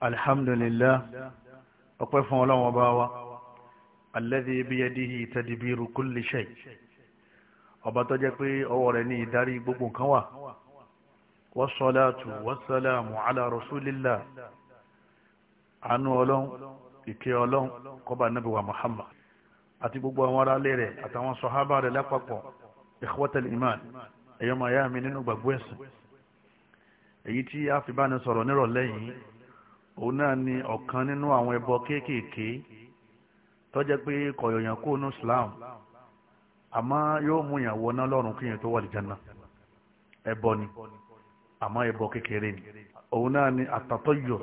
alhamdulillah ọpẹ́ fún ọlọ́wọ́n bá wa alladhi biyadihi tadbiru kulli shay ọba tó jẹ́ pé ọwọ́ rẹ̀ ní ìdarí gbogbo nǹkan wà wassalatu wassalamu ala rasulillah àánú ọlọ́run ìkẹ́ ọlọ́run kọba nabi wa muhammad àti gbogbo àwọn ará lé rẹ̀ àtàwọn sọ̀hábà rẹ̀ lápapọ̀ ikhwatal iman ẹ̀yọ́mọ̀ ayá mi nínú gbàgbọ́ ẹ̀sìn èyí tí a fi bá ní sọ̀rọ̀ nírọ̀lẹ́yìn òun náà ni ọ̀kan nínú àwọn ẹbọ kéékèèké tó pé kọ̀yọ̀yàn kó nu Islam àmọ́ yóò mú yàn wọná lọ́rùn kí yẹn tó wà lìjánná ẹbọ ni àmọ́ ẹbọ kékeré ni òun náà ni àtàtọ́yọ̀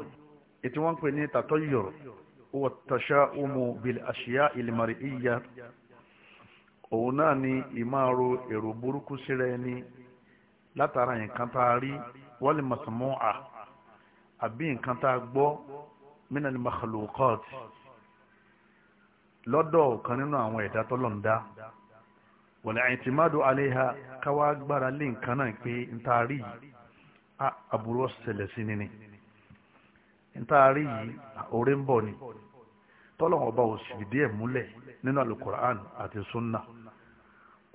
ètí wọ́n ń pè ní àtàtọ́yọ̀ huwa tasha'umu bil ashiya il mar'iyya òun náà ni ìmáàrò èrò ẹni látara nǹkan tá a rí àbí nǹkan tá a gbọ́ mina ni makhluqat lọ́dọ̀ kan nínú àwọn ẹ̀dá tọ́lọ́n dá wal i'timadu alayha káwá gbára lé nǹkan náà pé n ta rí yìí àbúrò ṣẹlẹ̀ sí ni ni n ta rí yìí orí ń bọ̀ ni tọ́lọ́wọ́n ọba ò sì díẹ̀ múlẹ̀ nínú alukur'an àti sunna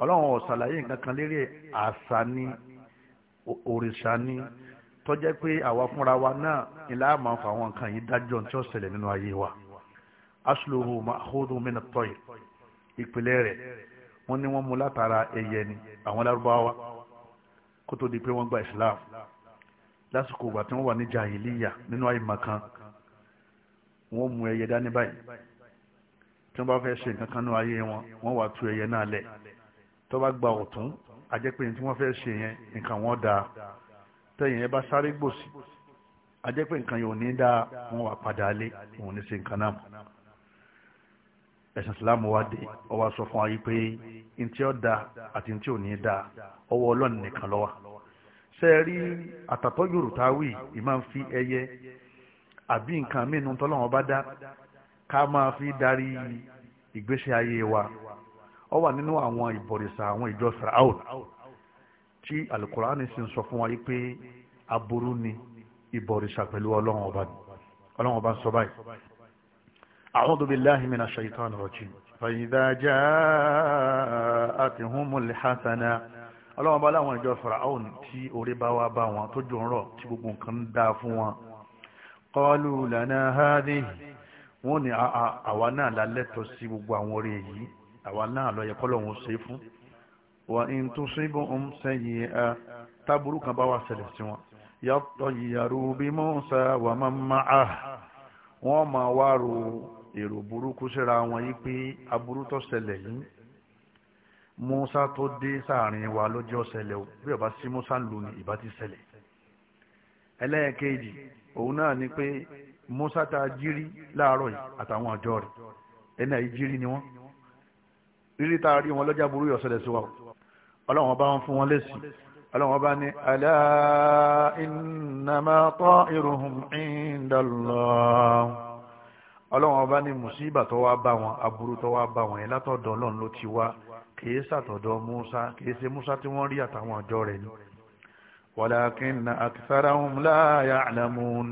ọlọ́wọ́n ọ̀sàlàyé nǹkan kan lérí àṣà ni òrìṣà ni tó jẹ́ pé àwa fúnra wa náà ìlà máa fa àwọn nǹkan yìí dájọ́ tí ó ṣẹlẹ̀ nínú ayé wa asluhu ma'khudun min at-tayr ìpìlẹ̀ rẹ̀ wọ́n ní wọ́n mú látara ẹyẹ ni àwọn lárúbáwá kó tó di pé wọ́n gba islam lásìkò ìgbà tí wọ́n wà ní jahiliya nínú àìmọ̀kan wọ́n mú ẹyẹ dání báyìí tí wọ́n bá fẹ́ ṣe nǹkan kan ní ayé wọn wọ́n wá tú ẹyẹ náà lẹ̀ tó bá gba ọ̀tún àjẹpẹ́ tí wọ́n fẹ́ ṣe yẹn nǹkan wọn dáa tẹ̀yìn ẹ bá sáré gbòsì ajẹ́ pé nǹkan yóò ní dá wọn wà padà lé òun ní sí nǹkan náà ẹ̀sìn islam wa dé ó sọ fún wa yìí pé ntí ó da àti ntí ò ní da ọwọ́ ọlọ́run nìkan ló wà ṣe rí àtàtọ́ yorùbá wì í máa ń fi ẹyẹ àbí nǹkan mìíràn tọ́lọ́wọ́n bá dá ká máa fi darí ìgbésí ayé wa ó wà nínú àwọn ìbọ̀rìṣà àwọn ìjọ sàáwò tí alukur'ani sì ń sọ fún wa yìí pé aburú ni ìbọ̀rìṣà pẹ̀lú ọlọ́run ọba ni ọlọ́run ọba ń sọ báyìí. a'udhu billahi minash shaitani rajim. fa idha ja'atuhumul hasana ọlọ́run bá láwọn ìjọ Fáráò tí orí bá wá bá wọn tó jò ń rọ̀ tí gbogbo nǹkan ń dáa fún wọn. qalu lana hadhihi wọ́n ní àwa náà lálẹ́tọ̀ sí gbogbo àwọn orí èyí àwa náà lọ yẹ kọ́lọ́hún ṣe fún wà ń tún síbò ń sẹ́yìn ẹ táburú kan bá wà ṣẹlẹ̀ sí wọn yàtọ̀ ìyàrú bí Musa wà máa ma á wọ́n máa wá ro èrò burúkú síra wọn yìí pé aburú tó ṣẹlẹ̀ Musa tó dé sáàrin wa lọ́jọ́ ṣẹlẹ̀ o bí ọba sí Musa ń lò ní ti ṣẹlẹ̀ ẹlẹ́ẹ̀kejì òun náà ni pé Musa ta jírí láàárọ̀ yìí àtàwọn àjọ rẹ̀ ẹni àìjírí ni wọ́n rírí tá a rí wọn lọ́jà burú yọ̀ sọ̀lẹ̀ sí wa ọlọ́run ọba ń fún wọn lẹ́sì ọlọ́run ọba ní alá innama ta'iruhum indallah ọlọ́run ọba ní mùsíbà tó wá bá wọn aburú tó wá bá wọn yẹn látọ̀dọ̀ ọlọ́run ló ti wá kìí sàtọ̀dọ̀ Musa kìí ṣe Musa tí wọ́n rí àtàwọn ọjọ́ rẹ̀ ni walakinna aktharahum la ya'lamun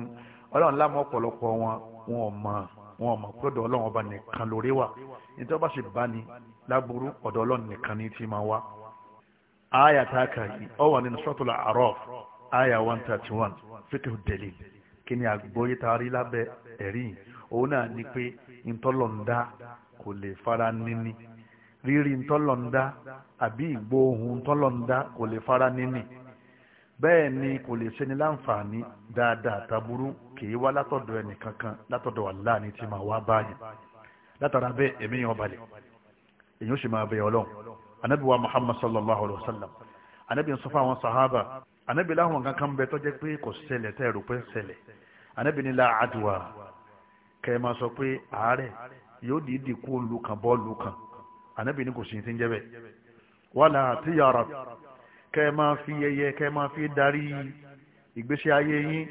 ọlọ́run lámọ́ ọ̀pọ̀lọpọ̀ wọn wọn ò wọn mọ̀ pé ọ̀dọ̀ ọlọ́run ọba nìkan lórí wà nítorí ọba sì bá ní láburú ọ̀dọ̀ ọlọ́run nìkan ní ti máa wá. aya tá a kà yìí ọ wà nínú suratul A'raf aya one thirty one fiqhu dalil kí ni àgbóyè tá a rí lábẹ́ yìí òun náà ni pé ntọ́lọ̀ndá kò lè fara níní rírí ntọ́lọ̀ndá àbí ìgbóhùn ntọ́lọ̀ndá kò lè fara níní bẹ́ẹ̀ ni kò lè ṣe ni láǹfààní dáadáa taburú kì í wá látọ̀dọ̀ ẹnì kankan látọ̀dọ̀ Allah ni tí máa wá báyìí látara bẹ́ẹ̀ èmi yàn balẹ̀ èyí ó sì máa bẹ̀ ọlọ́run anabi wa muhammad sallallahu alayhi wa sallam anabi ń sọ àwọn sahaba anabi láwọn kankan bẹ tọ́jẹ́ pé kò ṣẹlẹ̀ tẹ́ ẹ̀rù pé ṣẹlẹ̀ anabi ni la adwa kẹ́ ẹ máa sọ pé àárẹ̀ yóò dìídì kú olùkàn bọ́ọ̀lù kan anabi ni kò sì ti ń jẹ́ bẹ́ẹ̀ wàlá tíyàrá ke ẹ máa fi ẹyẹ kẹ́ ẹ máa fi darí ìgbésí ayé yín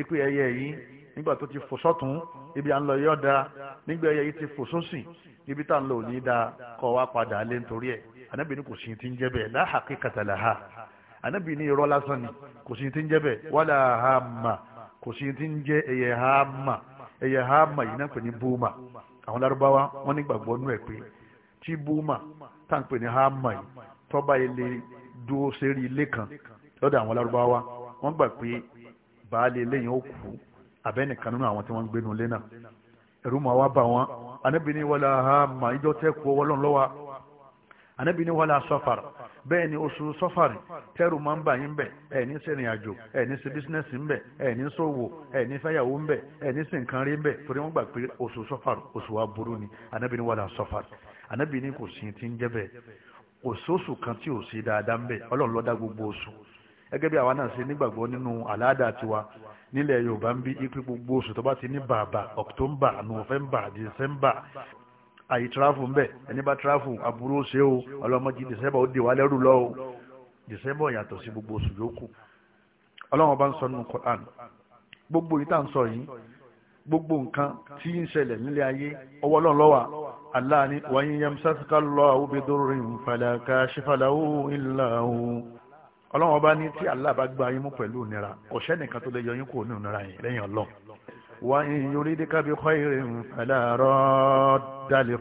ipe ẹyẹ yìí nígbà tó ti fò sọ́tún ibi à ń lọ yọ̀ da ẹyẹ yìí ti fò ibi tá à ń lọ da kọ́ wa padà lé nítorí ẹ̀ anábì ní kò sí ti ń jẹ́ bẹ́ẹ̀ wala hamma kò sí ti ń jẹ́ ẹyẹ ẹyẹ yìí náà pè ní àwọn lárúbáwá wọn nígbàgbọ́ nú ẹ̀ pé tí dúró sérí ilé kan lọ́dọ̀ àwọn lárúbáwá wọ́n gbà pé baálé lẹ́yìn ó kú abẹ́nìkan nínú àwọn tí wọ́n ń gbénu ilé náà ẹ̀rú máa wá bà wọ́n anábì ní wàlá hàmà ìjọ tẹ́kù ọwọ́ lọ́n lọ́wọ́ anábì ní wàlá sọ́fàr bẹ́ẹ̀ ni oṣù sọ́fàr tẹ́rù máa ń bà yín bẹ̀ ẹ̀ ní sẹ́rìn àjò ẹ̀ ní sí bísínẹ́sì ń bẹ̀ ẹ̀ ní sòwò ẹ̀ ní fẹ́yàwó ń bẹ̀ ẹ̀ ní sí nǹkan rí ń bẹ̀ torí wọ́n gbà pé oṣù sọ́fàr oṣù wa burú ni anábì ní wàlá sọ́fàr anábì kò sí ti ń jẹ́ bẹ́ẹ̀ kò sóṣù kan tí ò sí dáadáa ń bẹ ọlọ́run ló dá gbogbo oṣù gẹ́gẹ́ bí àwa náà ṣe nígbàgbọ́ nínú àláàdà tiwa nílẹ̀ yorùbá ń bí ipe gbogbo oṣù tó bá ti ní bàbà october november december àyè tirafu ń bẹ ẹni bá tirafu aburú ṣe o ọlọ́mọdé december ó di wa lẹ́rù lọ o december yàtọ̀ sí gbogbo oṣù yòókù ọlọ́run bá ń sọ nínú quran gbogbo yìí tá à ń sọ yìí gbogbo nǹkan tí ń ṣẹlẹ̀ nílé ayé ọwọ́ ọlọ́run Allah ni wa in yamsaska Allahu bi durrin fala kashifa lahu illa hu ọlọ́run ọba ní tí Allah bá gba yín mú pẹ̀lú ìnira ọ̀ṣẹ́ nìkan tó lè yọ yín kúrò ní ìnira yẹn lẹ́yìn ọlọ́run wa in yuridika bi khairin fala radda li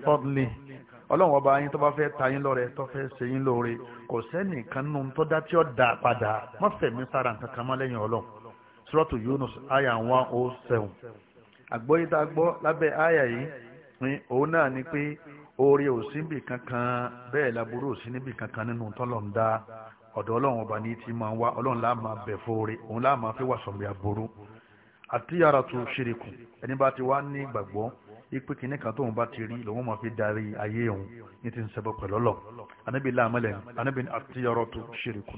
ọlọ́run ọba yín tó bá fẹ́ ta yín lọ́rẹ tó fẹ́ ṣe yín lóore kò sẹ́nìkan nù pín òun náà ni pé oore ò sí níbì kankan bẹ́ẹ̀ laburú ò sí níbì kankan nínú tọ́lọ̀ ń dá ọ̀dọ̀ ọlọ́run ọba ní ti máa ń wá ọlọ́run láà máa bẹ̀ fóore òun láà máa fi wà sọ̀mí aburú àti yàrá tó ṣerékù ẹni bá ti wá ní ìgbàgbọ́ ipe kìíní kan tóun bá ti rí lòun máa fi darí ayé òun ní ti ń ṣẹbọ pẹ̀lú anábìlá amẹ́lẹ̀ anábìlá àti yàrá tó ṣerékù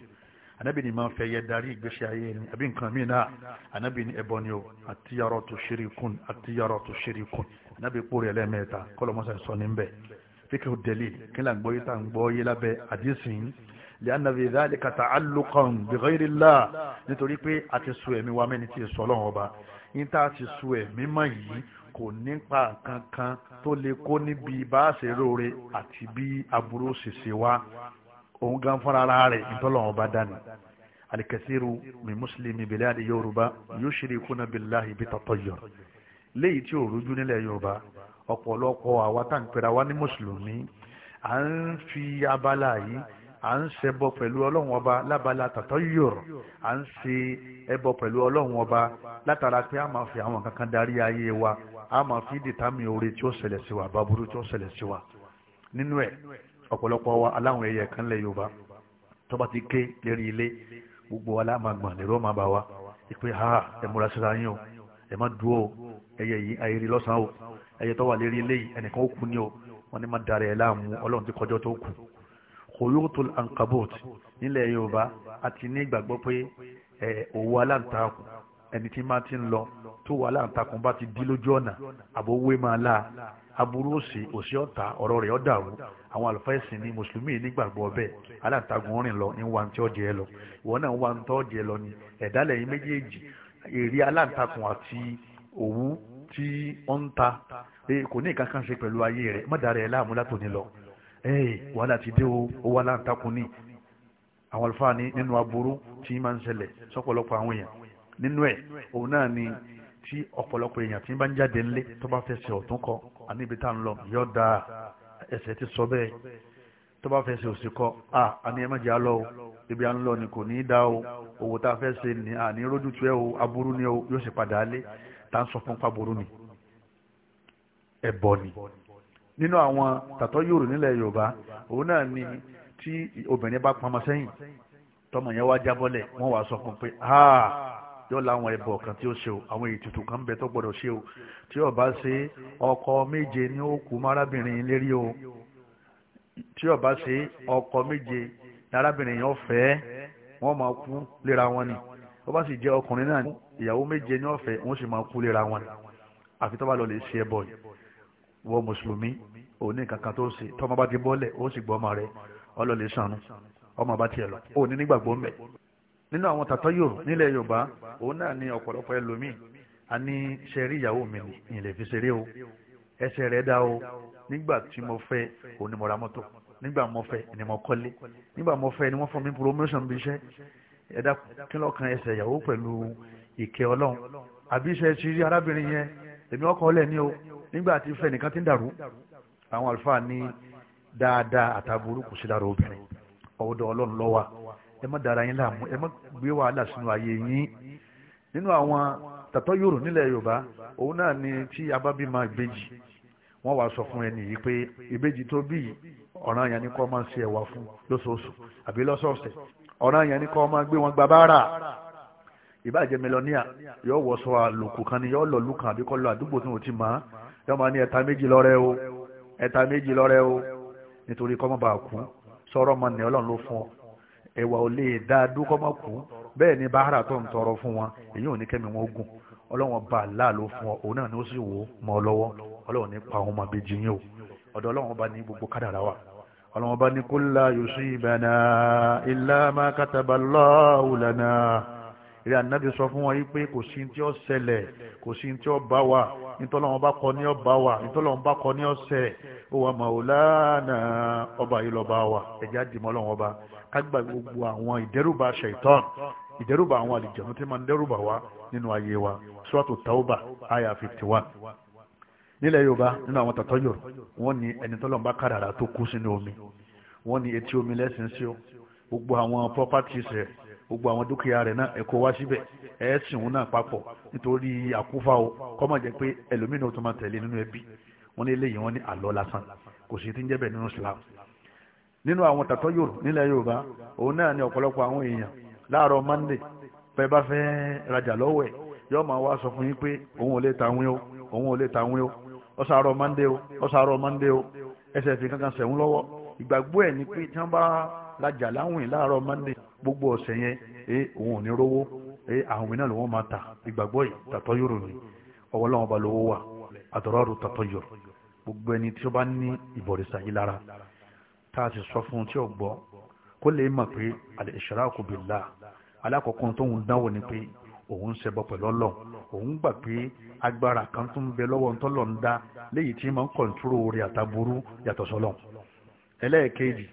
anabi ni máa ń fẹ́ yẹ darí ìgbésí ayé ni àbí nǹkan mi náà anabi ni ẹbọ ni o àtiyarọ tó ṣeré kun àtiyarọ tó ṣeré kun anabi kúrò ẹ lẹ́mẹ̀ẹ́ta kọlọmọsán sọ ní bẹ́ẹ̀ fíkẹ́ ò dẹ́lẹ̀ kí là ń gbọ́ yìí tá à ń gbọ́ yìí lábẹ́ àdísìn lẹ́yìn fi dhalika ta'alluqan bi ghayri Allah nítorí pé a ti sọ ẹ̀mí wa mẹ́ni tí ì sọ lọ́wọ́ ọba yín tá ti sọ ẹ̀mí mọ́ yìí kò nípa kankan tó lè kó níbi bá a àti bí aburú ṣèṣe wa òun gan fúnra ara rẹ̀ ìtọ́lọ́wọ́n bá dání alikasiru mi mùsùlùmí bẹ̀lẹ́ àdé yorùbá yóò ṣeré kúnà bíláhi bí tọ́tọ́ yọ léyìí tí ò rújú nílẹ̀ yorùbá ọ̀pọ̀lọpọ̀ àwa tá à ń pera wa ní mùsùlùmí à ń fi abala yìí à ń ṣẹbọ pẹ̀lú ọlọ́run ọba lábala tọ́tọ́ yọ̀rọ̀ à ń ṣe ẹbọ pẹ̀lú ọlọ́run ọba látara pé a máa fi àwọn kankan darí ayé wa a máa fi dìtámì oore tí ó ṣẹlẹ̀ sí wa bàbúrú tí ó ṣẹlẹ̀ sí wa nínú ẹ̀ ọ̀pọ̀lọpọ̀ wa aláwọn ẹyẹ kan lẹ yorùbá tó bá ti ké lérí ilé gbogbo wa láàmà gbọ̀n lérò máa bá wa ìpè ha ẹ múra síra yín o ẹ má dúró o ẹyẹ yìí ayẹyẹ lọ́sàn o ẹyẹ tó wà lérí ilé yìí ẹnìkan ó kú ni o wọn ní má darẹ̀ ẹ̀ láàmú ọlọ́run ti kọjọ́ tó kù kòyótó ankabot nílẹ̀ yorùbá àti ní ìgbàgbọ́ pé òwò aláǹtakùn ẹni tí má ti ń lọ tó wà aláǹtakùn bá ti dí lójú ọ̀nà àbówé máa láa aburú òsì òsì ọ̀tá ọ̀rọ̀ rẹ̀ ọ̀dàrú àwọn àlùfáà ẹ̀sìn ni mùsùlùmí nígbàgbọ́ bẹ́ẹ̀ aláǹtagùn rìn lọ ní wa ti ọ̀jẹ̀ ẹ lọ ìwọ náà wa ti ọ̀jẹ̀ ẹ lọ ni ẹ̀dá lẹ́yìn méjèèjì èrè aláǹtakùn àti òwú tí ó ń ta kò ní nǹkan kan ṣe pẹ̀lú ayé rẹ̀ má dàrẹ̀ láàmú látòní lọ wàhálà ti dé o wà láǹtakùn ní àwọn àlùfáà ní nínú aburú tí máa ń ṣẹlẹ̀ sọ́pọ̀lọpọ̀ àwọn èèyàn nínú ẹ̀ òun náà ni tí ọ̀pọ̀lọpọ̀ èèyàn tí ń bá ń jáde ńlé tó bá fẹ́ ṣe ọ̀tún kọ àní ibi tá à ń lọ yọ da ẹsẹ̀ ti sọ bẹ́ẹ̀ tó bá fẹ́ ṣe òsì kọ à àní ẹ má jẹ́ àlọ́ o ibi à ń lọ ni kò ní í dá o owó tá a fẹ́ ṣe ni àní rójú tu ẹ o aburú ni o yóò sì padà lé tá à ń sọ fún paburú ni ẹ̀bọ ni nínú àwọn tàtọ́ yòrò nílẹ̀ Yorùbá òun náà ni tí obìnrin bá pamọ́ sẹ́yìn tọmọ yẹn wá jábọ́lẹ̀ wọ́n wàá sọ fún pé yóò láwọn ẹbọ kan tí ó ṣe o àwọn ètùtù kan bẹ tó gbọ́dọ̀ ṣe o tí ó bá ṣe ọkọ méje ní ó kú márábìnrin lérí o tí ó bá ṣe ọkọ méje ní arábìnrin yẹn fẹ́ wọ́n máa kú léra wọn ni ó bá sì jẹ́ ọkùnrin náà ìyàwó méje ní ọ̀fẹ́ wọ́n sì máa kú léra wọn ni àfi tó bá lọ lè ṣe ẹbọ yìí wọ mùsùlùmí òní kankan tó ṣe tọ́mọ bá ti bọ́lẹ̀ ó sì gbọ́ ọmọ rẹ̀ ọlọ́lẹ̀ sànú ọmọ bá tiẹ̀ lọ òní nígbàgbọ́ mẹ́ nínú àwọn tàtọ́yò nílẹ̀ yorùbá òun náà ni ọ̀pọ̀lọpọ̀ ẹlòmíì a ní ṣẹ́rí ìyàwó mi ìlè fi ṣeré o ẹsẹ̀ rẹ̀ dá o nígbà tí mo fẹ́ òun ni mo ra mọ́tò nígbà mo fẹ́ ni mo kọ́lé nígbà mo fẹ́ ni wọ́n fún mi promotion bí iṣẹ́ ẹ̀dá kí lọ́kàn ẹsẹ̀ ìyàwó pẹ̀lú ìkẹ́ ọlọ́run àbí iṣẹ́ ti rí arábìnrin yẹn èmi ọkọ̀ ọlẹ̀ ní o nígbà tí fẹ́ nìkan ti ń dàrú àwọn àlùfáà ní dáadáa àtàbùrú kò sí lára obìnrin ọ̀dọ̀ ọlọ́run ló ẹ má dara yín láàmú ẹ má gbé wàhálà sínú ayé yín nínú àwọn tàtọ́ yòrò nílẹ̀ yorùbá òun náà ni tí abábímọ ìbejì wọ́n wàá sọ fún ẹni yìí pé ìbejì tó bí ọ̀ràn yẹn ni kọ́ máa ń ṣe ẹ̀wà fún lóṣooṣù àbí lọ́sọ̀ọ̀sẹ̀ ọ̀ràn yẹn ni kọ́ máa gbé wọn gba báárà ìbàjẹ́ mélòníà yóò wọ sọ àlòkù kan ni yóò lọ lù kan àbí kọ́ lọ àdúgbò tí wọ́n ti mọ̀ yóò máa ní ẹ̀ta méjì lọ́rẹ́ o ẹ̀ta méjì lọ́rẹ́ o nítorí kọ́ mọ́ bàa kú sọ̀rọ̀ mọ́ ni ọlọ́run ló fún ọ ẹ̀wà ò lè dá dúkọ́ mọ́ kú bẹ́ẹ̀ ni bàárà tó ń tọrọ fún wọn èyí ò ní kẹ́mi wọn gùn ọlọ́wọ́n bá Allah ló fún ọ òun náà ni ó sì wò ó mọ́ ọ lọ́wọ́ ọlọ́wọ́n ní pa ọmọ abẹ́jì yín o ọ̀dọ̀ ọlọ́wọ́n bá ní gbogbo kádàrá wa ọlọ́wọ́n bá ní kulla yusibana illa ma kataballahu lana ìrẹ́ ànábì sọ fún wọn wípé kò sí tí ó ṣẹlẹ̀ kò sí tí ó bá wà nítọ́lọ́wọ́n bá kọ ní ọba wà nítọ́lọ́wọ́n bá kọ ní ọ̀sẹ̀ ó wà màúlánà ọba yìí lọ́ba wà ẹ̀já dìmọ́ ọlọ́wọ́n ọba kágbà gbogbo àwọn ìdẹ́rùbà ṣaitan ìdẹ́rùbà àwọn àlìjẹ̀mú tí máa ń dẹ́rùbà wa nínú ayé wa suratu tauba aya fifty one nílẹ̀ yorùbá nínú àwọn tàtọ́yọ̀ wọ́n ní ẹni tọ́lọ́n bá kádàrà tó kú sínú omi wọ́n ní etí omi lẹ́sìn sí ọ gbogbo àwọn properties rẹ̀ gbogbo àwọn dúkìá rẹ̀ náà ẹ̀kọ́ wá síbẹ̀ ẹ̀ sìn òun náà papọ̀ nítorí àkúfà o kọ́ jẹ́ pé ẹlòmínú tó máa tẹ̀lé nínú ẹbí wọ́n ní eléyìí wọ́n ní àlọ́ lásán kò sí ti ń jẹ́ nínú Islam nínú àwọn tàtọ́ yòrò nílẹ̀ yorùbá òun náà ni ọ̀pọ̀lọpọ̀ àwọn èèyàn láàárọ̀ monday pẹ́ bá fẹ́ rajà lọ́wọ́ ẹ̀ yóò máa wá sọ fún yín pé òun ò lè ta wín o òun ò lè ta wín o ọ̀sàárọ̀ monday o ọ̀sàárọ̀ monday o ẹsẹ̀ fi kankan sẹ̀wọ́n lọ́wọ́ ìgbàgbọ́ ẹ̀ ni pé tí wọ́n bá rajà láwìn láàárọ̀ monday gbogbo ọ̀sẹ̀ yẹn ẹ òun ò ní rówó ẹ àwìn náà lòun máa ta ìgbàgbọ́ yìí tàtọ́ yòrò ni ọwọ́ làwọn tá a sì sọ fún un tí ó gbọ́ kó lè mọ̀ pé àlè ìṣàrákù billah alákọ̀ọ́kọ́ tó ń dánwò ni pé òun ń ṣẹbọ pẹ̀lú ọlọ́run òun gbà pé agbára kan tó ń bẹ lọ́wọ́ ntọ́lọ̀ ń dá léyìí tí máa ń kọ̀ǹtúrò orí àtàbúrú yàtọ̀ sọ́lọ̀ ẹlẹ́ẹ̀kejì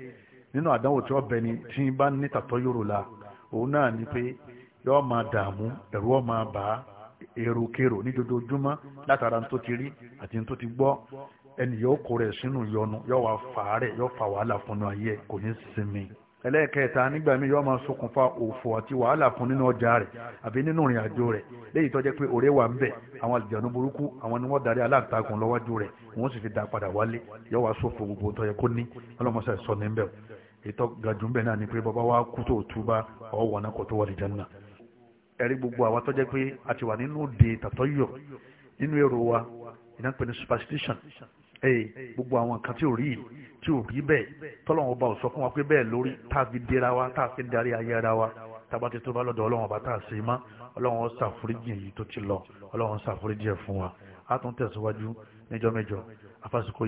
nínú àdánwò tí wọ́n bẹ ni tí bá ní tàtọ́ yòrò la òun náà ni pé yọ́ọ́ máa dààmú ẹ̀rù ọ̀ máa bàá èròkèrò ní dojoojúmọ́ látara tó ti rí àti tó ti gbọ́ ẹni yóò kó rẹ̀ sínú yọnu yóò wá fà á rẹ̀ yóò fà wàhálà fún ayé kò ní sinmi ẹlẹ́ẹ̀kẹta nígbà míì yóò máa ṣokùnfà òfò àti wàhálà fún nínú ọjà rẹ̀ àbí nínú ìrìn àjò rẹ̀ léyìí tó jẹ́ pé òré wà ń bẹ̀ àwọn àlùjànnú burúkú àwọn ni wọ́n darí aláǹtakùn lọ́wọ́jú rẹ̀ wọ́n sì fi dá padà wálé yóò wá ṣòfò gbogbo tó yẹ kó ní ọlọ́mọṣẹ́ sọ ní wa kú tó túbá ọ̀wọ̀ náà kò tó wà lè jẹun náà ẹ̀rí superstition ee gbogbo àwọn nǹkan tí ò rí tí ò rí bẹ́ẹ̀ tọ́lọ́wọ́n ọba ò sọ fún wa pé bẹ́ẹ̀ lórí tá a fi dira wa tá a fi darí ayé ara wa tába ti tó bá lọ́dọ̀ ọlọ́wọ́n ọba tá a ṣe mọ́ ọlọ́wọ́n ṣàforíjì èyí tó ti lọ ọlọ́wọ́n ṣàforíjì ẹ̀ fún wa a tún tẹ̀síwájú níjọ́ mẹ́jọ afásitì kò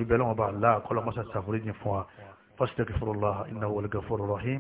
lọ́wọ́n ọba